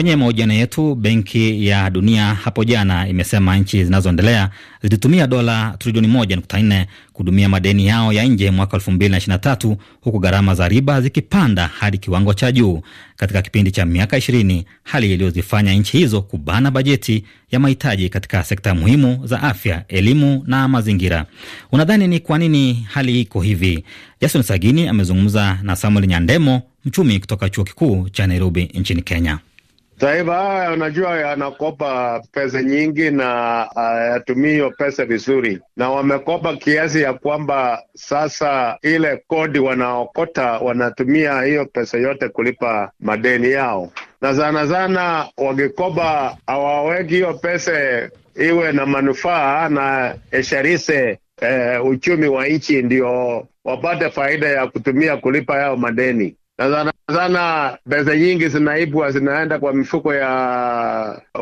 Kwenye mahojiano yetu, Benki ya Dunia hapo jana imesema nchi zinazoendelea zilitumia dola trilioni moja nukta nne kuhudumia madeni yao ya nje mwaka elfu mbili na ishirini na tatu huku gharama za riba zikipanda hadi kiwango cha juu katika kipindi cha miaka ishirini, hali iliyozifanya nchi hizo kubana bajeti ya mahitaji katika sekta muhimu za afya, elimu na mazingira. Unadhani ni kwa nini hali iko hivi? Jason Sagini amezungumza na Samuel Nyandemo, mchumi kutoka chuo kikuu cha Nairobi nchini Kenya. Mataifa haya anajua yanakopa pesa nyingi na ah, hayatumii hiyo pesa vizuri, na wamekopa kiasi ya kwamba sasa ile kodi wanaokota wanatumia hiyo pesa yote kulipa madeni yao, na sana sana wakikopa hawaweki hiyo pesa iwe na manufaa na esharise eh, uchumi wa nchi ndio wapate faida ya kutumia kulipa yao madeni na sana pesa nyingi zinaibwa zinaenda kwa mifuko ya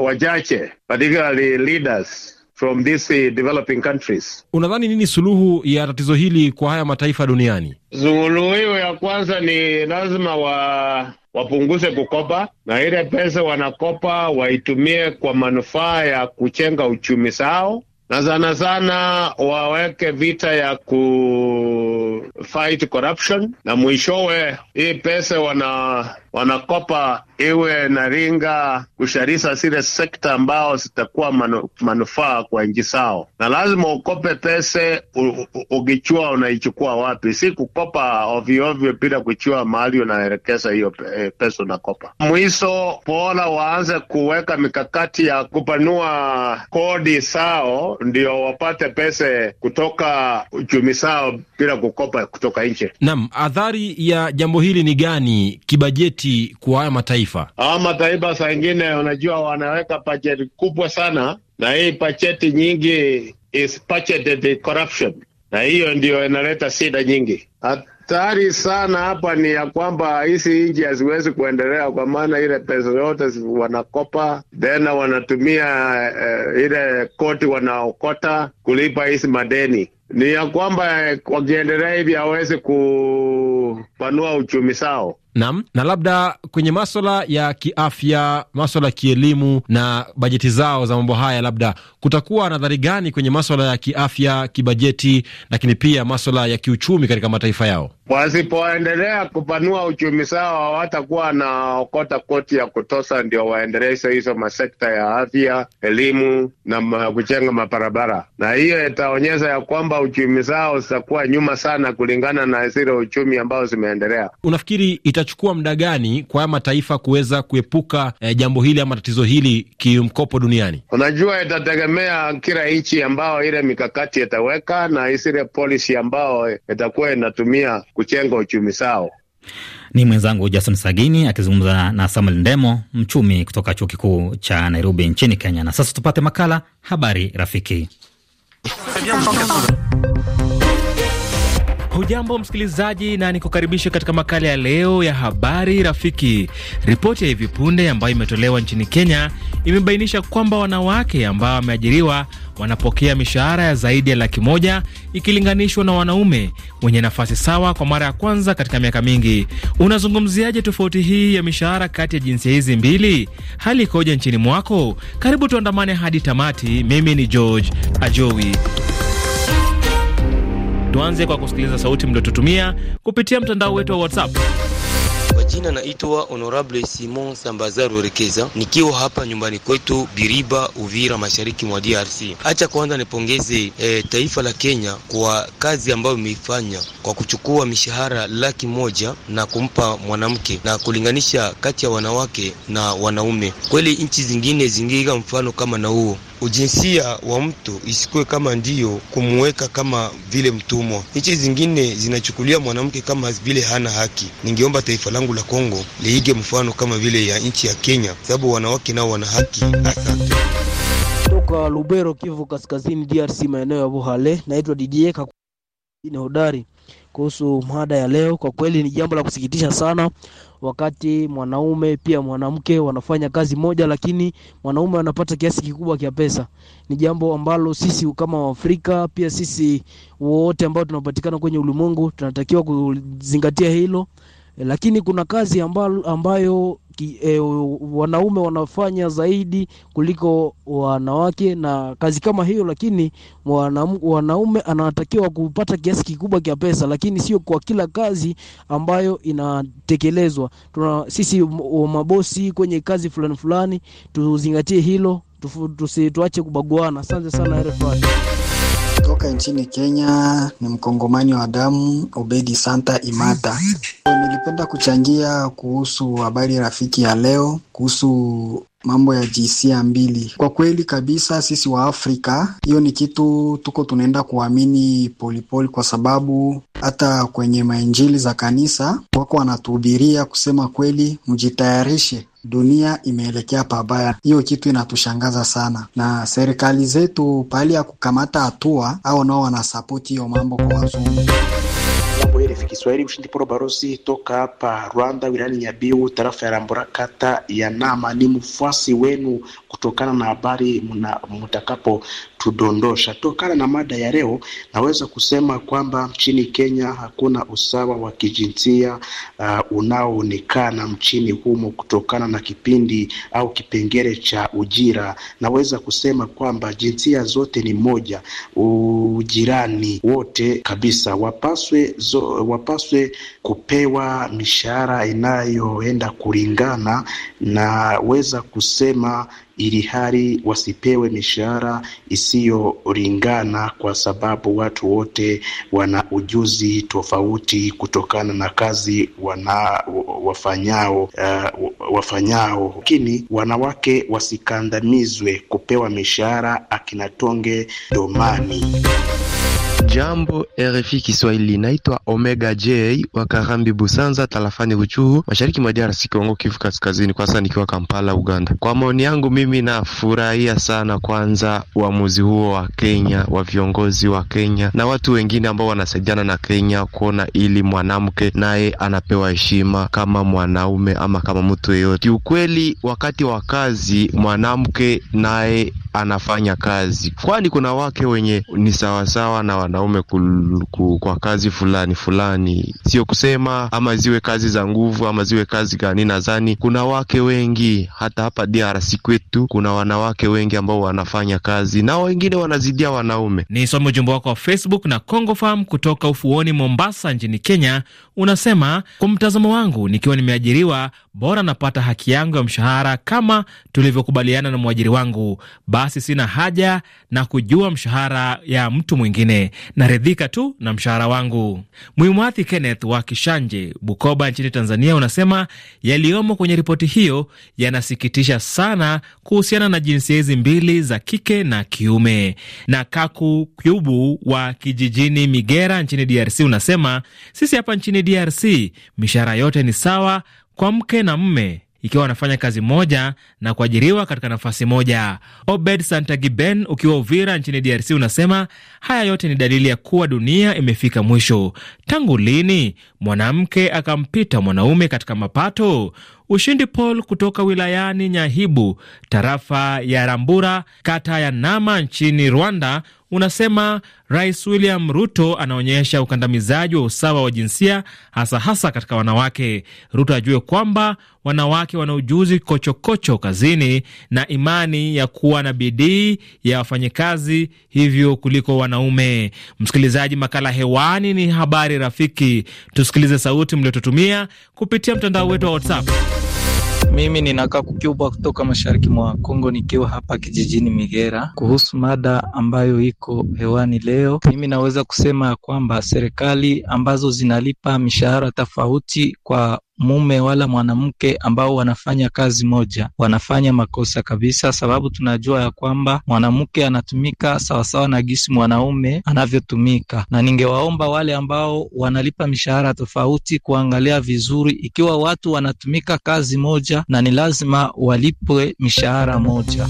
wachache, particularly leaders from these developing countries. Unadhani nini suluhu ya tatizo hili kwa haya mataifa duniani? Suluhu ya kwanza ni lazima wa wapunguze kukopa na ile pesa wanakopa waitumie kwa manufaa ya kuchenga uchumi zao na sana sana waweke vita ya ku fight corruption na mwishowe hii pesa wana wanakopa iwe naringa kusharisa zile sekta ambao zitakuwa manu, manufaa kwa nchi zao, na lazima ukope pese ukichua unaichukua wapi, si kukopa ovyoovyo bila kuchua mahali unaelekeza hiyo eh, pesa unakopa. Mwiso pola waanze kuweka mikakati ya kupanua kodi zao ndio wapate pesa kutoka uchumi sao bila kukopa kutoka nje. Naam, adhari ya jambo hili ni gani kibajeti kwa haya mataifa? Haya mataifa saa ingine, unajua wanaweka bajeti kubwa sana, na hii bajeti nyingi is budgeted corruption, na hiyo ndio inaleta shida nyingi At hatari sana hapa ni ya kwamba hizi nchi haziwezi kuendelea, kwa maana ile pesa yote wanakopa tena wanatumia uh, ile koti wanaokota kulipa hizi madeni ni ya kwamba wakiendelea hivi hawezi kupanua uchumi sao. Naam, na labda kwenye maswala ya kiafya, maswala ya kielimu na bajeti zao za mambo haya, labda kutakuwa nadhari gani kwenye maswala ya kiafya, kibajeti, lakini pia maswala ya kiuchumi katika mataifa yao? Wasipoendelea kupanua uchumi zao hawatakuwa na okota koti ya kutosa, ndio waendeleze hizo masekta ya afya, elimu na ma kujenga mabarabara, na hiyo itaonyesha ya kwamba uchumi zao zitakuwa nyuma sana kulingana na zile uchumi ambao zimeendelea. Unafikiri ita itachukua muda gani kwa haya mataifa kuweza kuepuka eh, jambo hili ama tatizo hili kimkopo duniani? Unajua, itategemea kila nchi ambao ile mikakati itaweka na isile policy ambao itakuwa inatumia kuchenga uchumi sao. Ni mwenzangu Jason Sagini akizungumza na Samuel Ndemo, mchumi kutoka chuo kikuu cha Nairobi nchini Kenya. Na sasa tupate makala habari rafiki Hujambo msikilizaji, na nikukaribisha katika makala ya leo ya habari rafiki. Ripoti ya hivi punde ambayo imetolewa nchini Kenya imebainisha kwamba wanawake ambao wameajiriwa wanapokea mishahara ya zaidi ya laki moja ikilinganishwa na wanaume wenye nafasi sawa kwa mara ya kwanza katika miaka mingi. Unazungumziaje tofauti hii ya mishahara kati ya jinsia hizi mbili? Hali ikoje nchini mwako? Karibu tuandamane hadi tamati. Mimi ni George Ajowi. Tuanze kwa kusikiliza sauti mliotutumia kupitia mtandao wetu wa WhatsApp. Kwa jina naitwa Honorable Simon sambazar Rurekeza, nikiwa hapa nyumbani kwetu Biriba, Uvira, mashariki mwa DRC. Acha kwanza nipongeze e, taifa la Kenya kwa kazi ambayo imeifanya kwa kuchukua mishahara laki moja na kumpa mwanamke na kulinganisha kati ya wanawake na wanaume. Kweli nchi zingine zingiiga mfano kama na huo ujinsia wa mtu isikuwe kama ndiyo kumuweka kama vile mtumwa. Nchi zingine zinachukulia mwanamke kama vile hana haki. Ningeomba taifa langu la Kongo liige mfano kama vile ya nchi ya Kenya, sababu wanawake nao wana haki. Asante. Toka Lubero, Kivu Kaskazini, DRC, maeneo ya Buhale. Naitwa Didieka hodari kuhusu mada ya leo. Kwa kweli ni jambo la kusikitisha sana wakati mwanaume pia mwanamke wanafanya kazi moja, lakini mwanaume anapata kiasi kikubwa cha pesa. Ni jambo ambalo sisi kama Waafrika pia sisi wote ambao tunapatikana kwenye ulimwengu tunatakiwa kuzingatia hilo, lakini kuna kazi ambayo, ambayo ki, e, wanaume wanafanya zaidi kuliko wanawake na kazi kama hiyo, lakini wanam, wanaume anatakiwa kupata kiasi kikubwa cha pesa, lakini sio kwa kila kazi ambayo inatekelezwa. Tuna sisi mabosi kwenye kazi fulani fulani, tuzingatie hilo, tuache kubaguana. Asante sana RFI. Kutoka nchini Kenya ni mkongomani wa damu Obedi Santa Imata. Nilipenda kuchangia kuhusu habari rafiki ya leo kuhusu mambo ya jinsia mbili. Kwa kweli kabisa, sisi wa Afrika hiyo ni kitu tuko tunaenda kuamini polipoli, kwa sababu hata kwenye mainjili za kanisa wako wanatuhubiria kusema kweli, mjitayarishe dunia imeelekea pabaya. Hiyo kitu inatushangaza sana, na serikali zetu pahali ya kukamata hatua au nao wanasapoti hiyo mambo kwa wazungu. RFI Kiswahili, mshindi poro barozi toka hapa Rwanda, wilani Nyabihu, tarafa ya Rambura, kata ya Nama. Ni mfuasi wenu kutokana na habari tudondosha. Tokana na mada ya leo, naweza kusema kwamba nchini Kenya hakuna usawa wa kijinsia uh, unaoonekana mchini humo kutokana na kipindi au kipengele cha ujira. Naweza kusema kwamba jinsia zote ni moja, ujirani wote kabisa wapaswe zo wapaswe kupewa mishahara inayoenda kulingana, na weza kusema ili hali wasipewe mishahara isiyolingana, kwa sababu watu wote wana ujuzi tofauti kutokana na kazi wana wafanyao uh, wafanyao. Lakini wanawake wasikandamizwe kupewa mishahara, akinatonge domani Jambo RFI Kiswahili, naitwa Omega J wa Karambi Busanza, tarafani Ruchuru, mashariki mwa DRC Kongo, Kivu Kaskazini, kwa sasa nikiwa Kampala, Uganda. Kwa maoni yangu mimi nafurahia sana kwanza uamuzi huo wa Kenya, wa viongozi wa Kenya na watu wengine ambao wanasaidiana na Kenya kuona ili mwanamke naye anapewa heshima kama mwanaume ama kama mtu yeyote. Kiukweli, wakati wa kazi mwanamke naye anafanya kazi, kwani kuna wake wenye ni sawasawa na wanaume kwa kazi fulani fulani, sio kusema ama ziwe kazi za nguvu ama ziwe kazi gani. Nadhani kuna wake wengi hata hapa DRC kwetu kuna wanawake wengi ambao wanafanya kazi na wengine wanazidia wanaume. Ni somo jumbo wako wa Facebook na Congo Farm kutoka ufuoni Mombasa nchini Kenya, unasema kwa mtazamo wangu, nikiwa nimeajiriwa bora napata haki yangu ya mshahara kama tulivyokubaliana na mwajiri wangu basi basi sina haja na kujua mshahara ya mtu mwingine, naridhika tu na mshahara wangu. mwimwathi Kenneth wa Kishanje, Bukoba nchini Tanzania, unasema yaliyomo kwenye ripoti hiyo yanasikitisha sana kuhusiana na jinsia hizi mbili za kike na kiume. Na Kaku Kyubu wa kijijini Migera nchini DRC unasema sisi hapa nchini DRC mishahara yote ni sawa kwa mke na mme ikiwa wanafanya kazi moja na kuajiriwa katika nafasi moja. Obed Santagiben ukiwa Uvira nchini DRC unasema haya yote ni dalili ya kuwa dunia imefika mwisho. Tangu lini mwanamke akampita mwanaume katika mapato? Ushindi Paul kutoka wilayani Nyahibu, tarafa ya Rambura, kata ya Nama nchini Rwanda, unasema Rais William Ruto anaonyesha ukandamizaji wa usawa wa jinsia hasa hasa katika wanawake. Ruto ajue kwamba wanawake wana ujuzi kochokocho kazini na imani ya kuwa na bidii ya wafanyikazi hivyo kuliko wanaume. Msikilizaji, makala hewani ni habari rafiki. Tusikilize sauti mliotutumia kupitia mtandao wetu wa WhatsApp. Mimi ninakaa Kucuba kutoka mashariki mwa Kongo, nikiwa hapa kijijini Migera. Kuhusu mada ambayo iko hewani leo, mimi naweza kusema ya kwamba serikali ambazo zinalipa mishahara tofauti kwa mume wala mwanamke ambao wanafanya kazi moja wanafanya makosa kabisa, sababu tunajua ya kwamba mwanamke anatumika sawasawa na gisi mwanaume anavyotumika, na ningewaomba wale ambao wanalipa mishahara tofauti kuangalia vizuri, ikiwa watu wanatumika kazi moja na ni lazima walipwe mishahara moja.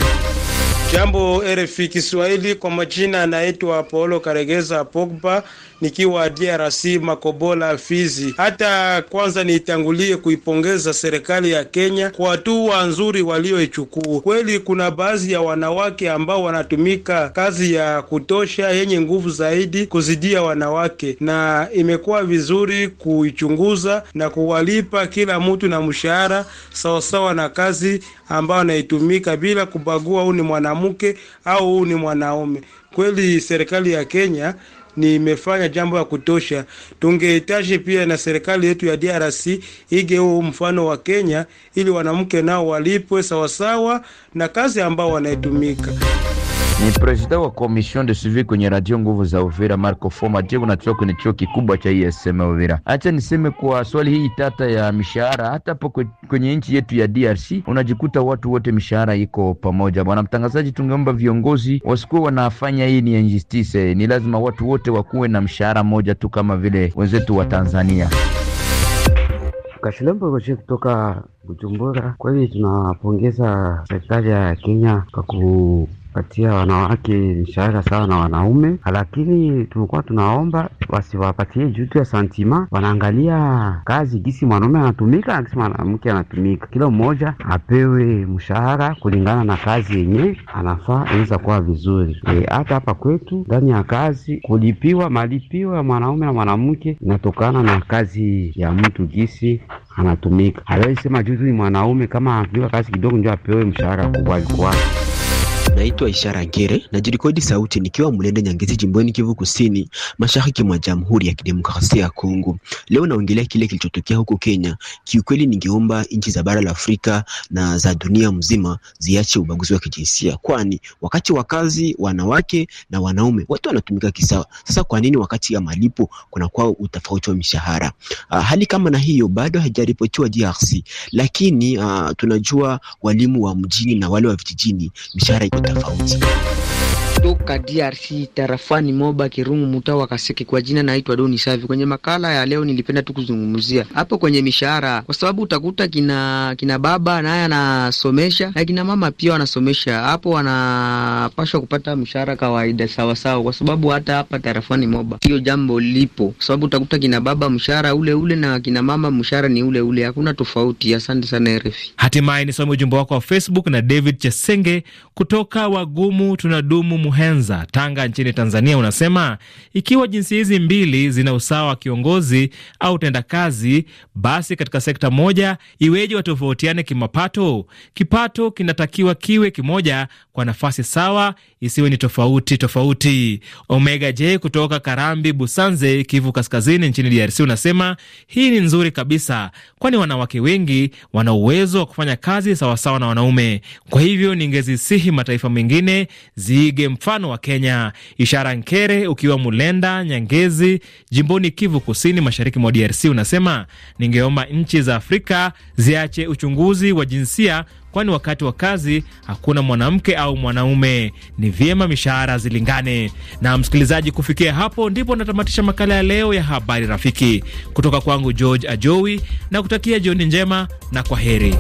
Jambo RFI Kiswahili, kwa majina anaitwa Apolo Karegeza Pogba nikiwa DRC Makobola Fizi. Hata kwanza niitangulie kuipongeza serikali ya Kenya kwa hatua nzuri walioichukua. Kweli kuna baadhi ya wanawake ambao wanatumika kazi ya kutosha yenye nguvu zaidi kuzidia wanawake, na imekuwa vizuri kuichunguza na kuwalipa kila mtu na mshahara sawasawa na kazi ambayo anaitumika bila kubagua, huu ni mwanamke au huu ni mwanaume. Kweli serikali ya Kenya nimefanya jambo ya kutosha. Tungehitaji pia na serikali yetu ya DRC ige huu mfano wa Kenya, ili wanamke nao walipwe sawasawa na kazi ambao wanaitumika. Ni presida wa commission de suivi kwenye radio nguvu za Uvira, Marco Foma Diego, natoka kwenye chuo kikubwa cha ISM e Uvira. Acha niseme kwa swali hii tata ya mishahara, hata hapo kwenye nchi yetu ya DRC unajikuta watu wote mishahara iko pamoja. Bwana mtangazaji, tungeomba viongozi wasikuwa wanafanya hii ni injustice. Ni lazima watu wote wakuwe na mshahara moja tu kama vile wenzetu wa Tanzania. Kashilembo Roje kutoka Bujumbura. Kweli tunapongeza serikali ya Kenya kwa ku kupatia wanawake mshahara sawa na wanaume, lakini tulikuwa tunaomba wasiwapatie jutu ya santima, wanaangalia kazi gisi mwanaume anatumika na gisi mwanamke anatumika. Kila mmoja apewe mshahara kulingana na kazi yenye anafaa, inaweza kuwa vizuri. E, hata e, hapa kwetu ndani ya kazi kulipiwa malipiwa ya mwanaume na mwanamke inatokana na kazi ya mtu gisi anatumika. Hawezi sema jutu ni mwanaume, kama anatumika kazi kidogo ndio apewe mshahara kubwa alikuwa Naitwa Ishara Ngere na jirikodi sauti nikiwa Mlende Nyangezi, jimboni Kivu Kusini, mashariki mwa Jamhuri ya Kidemokrasia ya Kongo. Leo naongelea kile kilichotokea huko Kenya. Kiukweli, ningeomba nchi za bara la Afrika na za dunia mzima ziache ubaguzi wa kijinsia, kwani wakati wa kazi wanawake na wanaume watu wanatumika kisawa. Sasa kwa nini wakati ya malipo kuna utofauti wa mishahara? Ah, hali kama na hiyo bado haijaripotiwa DRC, lakini ah, tunajua walimu wa mjini na wale wa vijijini mishahara 的房子。kutoka DRC tarafani Moba Kirungu mutawa Kaseke, kwa jina naitwa Doni Savi. Kwenye makala ya leo nilipenda tu kuzungumzia hapo kwenye mishahara, kwa sababu utakuta kina kina baba naye anasomesha na kina mama pia wanasomesha, hapo wanapashwa kupata mshahara kawaida sawa sawa, kwa sababu hata hapa tarafani Moba hiyo jambo lipo, kwa sababu utakuta kina baba mshahara ule ule na kina mama mshahara ni ule ule, hakuna tofauti. Asante sana RFI. Hatimaye nisome ujumbe wako wa Facebook na David Chesenge kutoka wagumu tunadumu Muhenza, Tanga nchini Tanzania, unasema ikiwa jinsi hizi mbili zina usawa wa kiongozi au utendakazi, basi katika sekta moja iweje watofautiane kimapato? Kipato kinatakiwa kiwe kimoja kwa nafasi sawa, isiwe ni tofauti tofauti. Omega J kutoka Karambi, Busanze, Kivu Kaskazini nchini DRC unasema hii ni nzuri kabisa, kwani wanawake wengi wana uwezo wa kufanya kazi sawasawa sawa na wanaume. Kwa hivyo ningezisihi mataifa mengine ziige mfano wa Kenya. Ishara Nkere ukiwa Mulenda Nyangezi, jimboni Kivu Kusini, mashariki mwa DRC unasema ningeomba nchi za Afrika ziache uchunguzi wa jinsia kwani wakati wa kazi hakuna mwanamke au mwanaume. Ni vyema mishahara zilingane. Na msikilizaji, kufikia hapo ndipo natamatisha makala ya leo ya habari rafiki, kutoka kwangu George Ajowi, na kutakia jioni njema na kwa heri.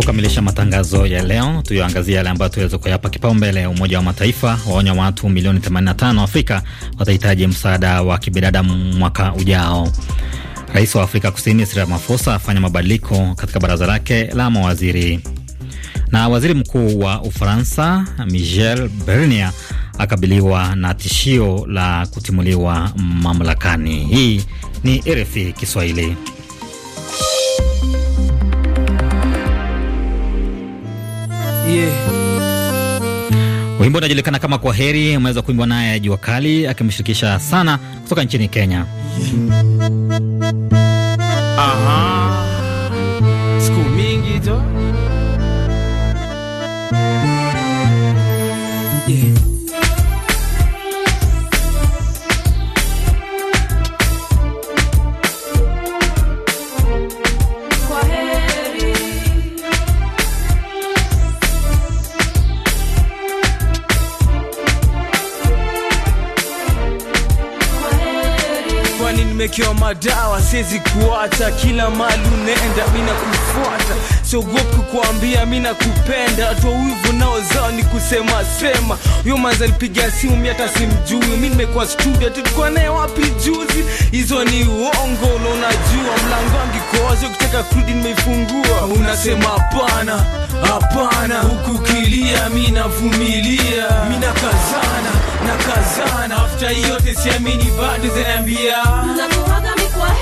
kukamilisha matangazo ya leo, tuyoangazia yale ambayo tuweze kuyapa kipaumbele. Umoja wa Mataifa waonya watu milioni 85 Afrika watahitaji msaada wa kibinadamu mwaka ujao. Rais wa Afrika Kusini Cyril Ramaphosa afanya mabadiliko katika baraza lake la mawaziri, na waziri mkuu wa Ufaransa Michel Barnier akabiliwa na tishio la kutimuliwa mamlakani. Hii ni RFI Kiswahili. yeah. Wimbo unajulikana kama kwa heri, umeweza kuimbwa naye Jua Kali akimshirikisha Sana kutoka nchini Kenya yeah. nimewekewa madawa, siwezi kuacha, kila mali unaenda, mi nakufuata, siogopi kukuambia mi nakupenda. Watu wa wivu nao zao ni kusema sema. Huyo manza alipiga simu, mi hata simjui, mi nimekuwa studio, tulikuwa naye wapi juzi? Hizo ni uongo, unajua mlango angikoazi, ukitaka kurudi nimeifungua, unasema hapana, hapana, huku kilia, mi navumilia, mi nakazana na kazana after yote siamini bado zinaambia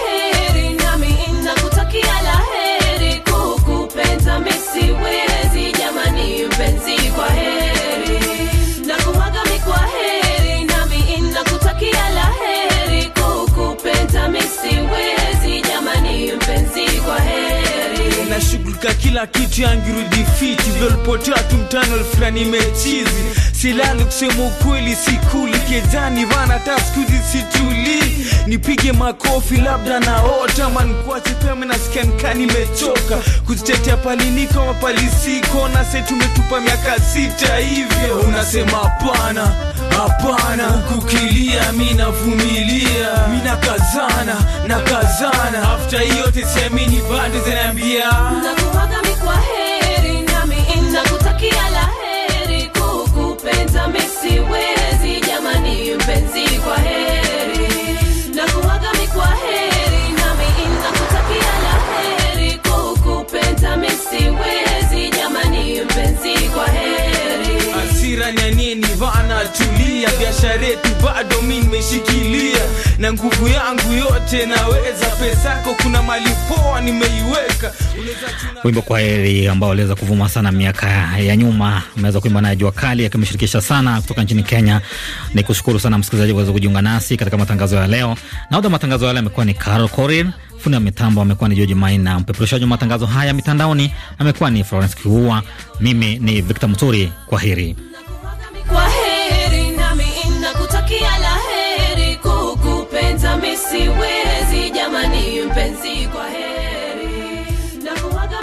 heri nami nakutakia la heri jamani mpenzi kwa heri heri la heri jamani mpenzi kwa heri kila kitu yangirudi fiti vyolipotea tu mtano fulani silali kusema ukweli sikuli kedani vana taskuzi situli nipige makofi labda na ota naota mankuache pema nasikianika nimechoka kuzitetea palinika mapalisiko na se tumetupa miaka sita hivyo unasema hapana hapana kukilia mi navumilia mi nakazana nakazana afta hiyote siamini bado zinaambia nakuwaga mikwaheri nami nakutakia la si kwa heri na kuwaga mi kwa heri nami nakutakia la heri kukupenda mi siwezi jamani mpenzi kwa heri jirani niranyanie nivana tulia, biashara yetu bado mi nimeshikilia na nguvu yangu yote, naweza pesa yako, kuna mali poa nimeiweka. Wimbo kwa heri ambao aliweza kuvuma sana miaka ya nyuma, ameweza kuimba naye Jua Kali akimshirikisha sana kutoka nchini Kenya. Ni kushukuru sana msikilizaji kuweza kujiunga nasi katika matangazo ya leo. Nahodha matangazo yale leo amekuwa ni Carol corin fundi wa mitambo amekuwa ni George Maina, mpeperushaji wa matangazo haya mitandaoni amekuwa ni Florence Kiua, mimi ni Victor Muturi. Kwa heri kwa heri, nami nakutakia la heri, kukupenza misiwezi jamani, mpenzi